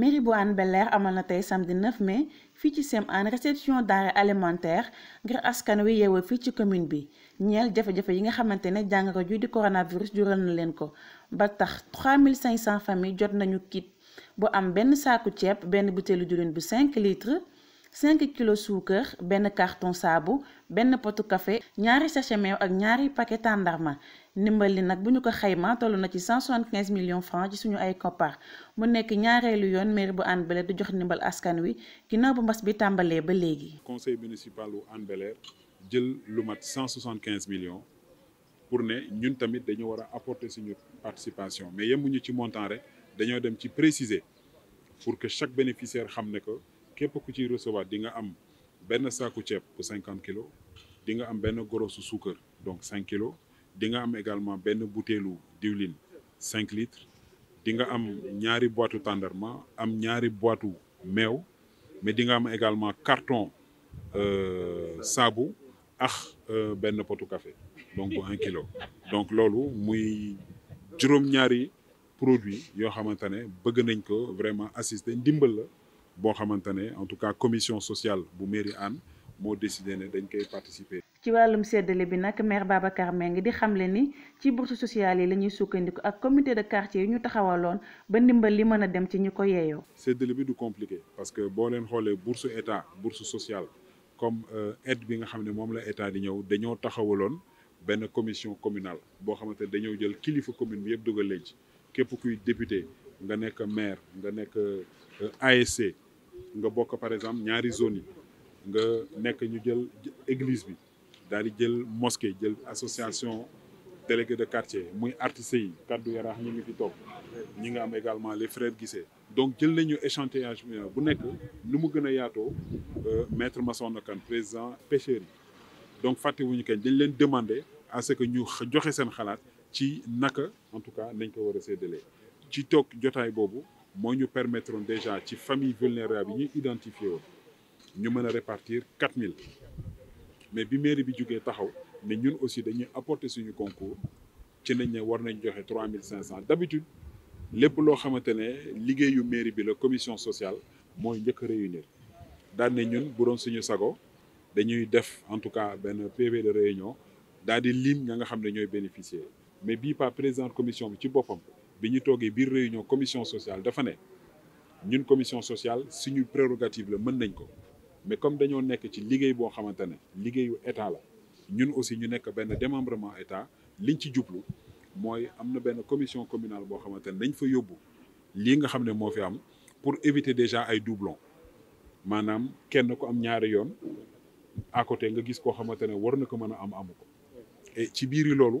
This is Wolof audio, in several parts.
mairie bu Hann Bel-Air amal na tey samedi mais fii ci sem an réception denrée alimentaire ngir askan wi yeewoo fii ci commune bi ñeel jafe-jafe yi nga xamante ne jàngoro ju di coronavirus jural na leen ko ba tax 3500 familles jot nañu kit bu am benn saaku ceeb benn butéelu diwlin bu 5 litres 5 kg sucre, ben carton saabu ben potu café ñaari sachet ak ñaari paquet tàndarma ndimbal li nag ko xeyma toll na ci 175 millions francs ci suñu ay koppar mu nek ñaarelu yoon maire bu Hann bel jox nimbal askan wi ginnaaw bu mbass bi tambalé ba légui. conseil municipal bu Hann jël lu mat 175 millions pour ne ñun tamit dañu wara a apporter suñu participation mais yemuñu ci montant rek dañu dem ci préciser pour que chaque bénéficiaire xamné ko képp ku ciy recevoir di nga am benn saaku 50 kilos di am benn 5 donc 5 kilos di am également benn 5 litres di nga am ñaari de tandarma am ñaari mais di am également carton euh, sabu, ax euh, benn potu café donc 1 kilo donc loolu muy juróom-ñaari produit yoo vraiment assister boo xamante en tout cas commission sociale bu mairie Anne mo décidé né dañ koy participer. ci walum sédélé bi nak maire Babacar Mbengue di xamlé ni ci bourse sociale yi la ñuy sukkandiku ak comité de quartier ñu taxawaloon ba ndimbal li mëna dem ci ñuko ko sédélé bi du compliqué parce que bo leen xolé bourse état bourse sociale comme euh, aide bi nga xamné mom la état di ñew dañoo taxawaloon ben commission communale bo xamante ne dañoo jël kilifa commune bi yëpp dugal leen ci képp kuy député nga nek maire nga nekk euh, ASC nga bokk par exemple ñaari zone nga nek ñu jël église bi daal di jël mosquée jël association délégué de quartier muy artistes yi kaddu yara ñi ngi fi top ñi nga am également les frères Guissé donc jël nañu échantillage bu nek nu mu gëna a yaatoo euh, maître Massokhna Kane président pêcheurs donc donc wuñu kenn dañ leen demander à ce que ñu joxé seen xalaat ci naka en tout cas nañ ko wara a séddalee ci tok jotaay bobu nous ñu déjà à les familles vulnérables d'identifier. répartir 4 mais bi mairie nous aussi apporter concours ci nañ d'habitude les mairie la commission sociale Nous njëkk réunir en tout cas PV de réunion et bénéficier mais bi pas présent commission bi ñu toogee biir réunion commission sociale dafa né ñun commission sociale suñu prérogative la mën nañ ko mais comme dañu nekk ci liggéey bo xamante ne liggéeyu état la ñun aussi ñu nekk ben démembrement état liñ ci djublu moy amna ben commission communale bo xamante dañ fa yobbu li nga xamné ne fi am pour éviter déjà ay doublons manam kenn ko am ñaari yoon à côté nga gis ko xamante war na ko am amuko et ci biiri lolu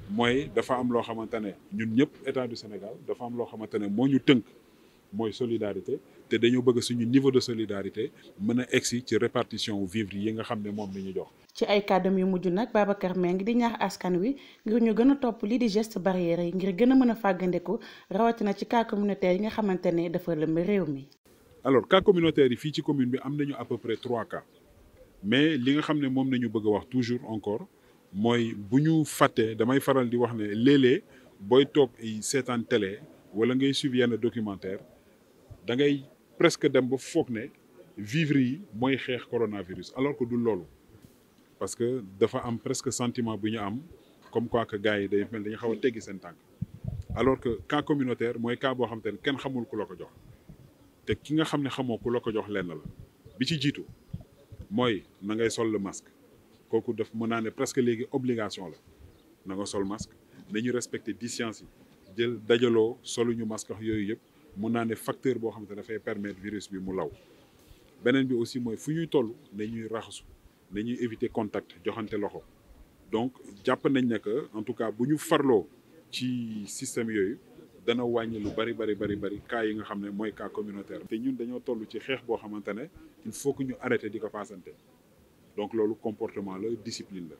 moy dafa am lo xamante ñun ñëpp état du Sénégal dafa am lo xamante ne ñu tënk moy solidarité té dañu bëgg suñu niveau de solidarité mëna a ci répartition vivre yi nga xamné mom moom jox. ci ay kàddam yu muju nak Babacar Mbengue di ñaax askan wi ngir ñu gëna top li di geste barrière yi ngir gëna mëna mën a fàggandiku rawatina ci cas communautaire yi nga xamante dafa lëmb réew mi. alors cas communautaire yi fi ci commune bi am nañu à peu près 3 cas mais li nga xamné mom moom bëgg wax toujours encore moy buñu faté damay faral di wax né lélé boy tok ay sétane télé wala ngay suivre yenn documentaire da ngay presque dem ba foog né vivre yi mooy xeex coronavirus alors que du lolu parce que dafa am presque sentiment buñu am comme quoi que gaay day mel dañu xaw téggi teggi seen alors que cas communautaire moy cas bo xam te ne xamul ku lako jox té ki nga xamné ne lako jox lenn la bi ci jitu moy na ngay sol le masque kooku daf mën naa presque léegi obligation la na nga sol masque dañu respecter distance yi jël dajaloo ñu masque yooyu yëp mën naa ne facteur boo xamante dafay permettre virus bi mu law benen bi aussi moy fu ñuy toll nañuy raxasu dañuy éviter contact joxante loxo donc japp nañ ne que en tout cas bu ñu farloo ci système yoyu dana wàññi lu bari bari bari bari cas yi nga xam moy cas communautaire. té ñun dañoo tollu ci xex bo xamante il faut que ñu arrêter diko passanté donc loolu comportement la discipline la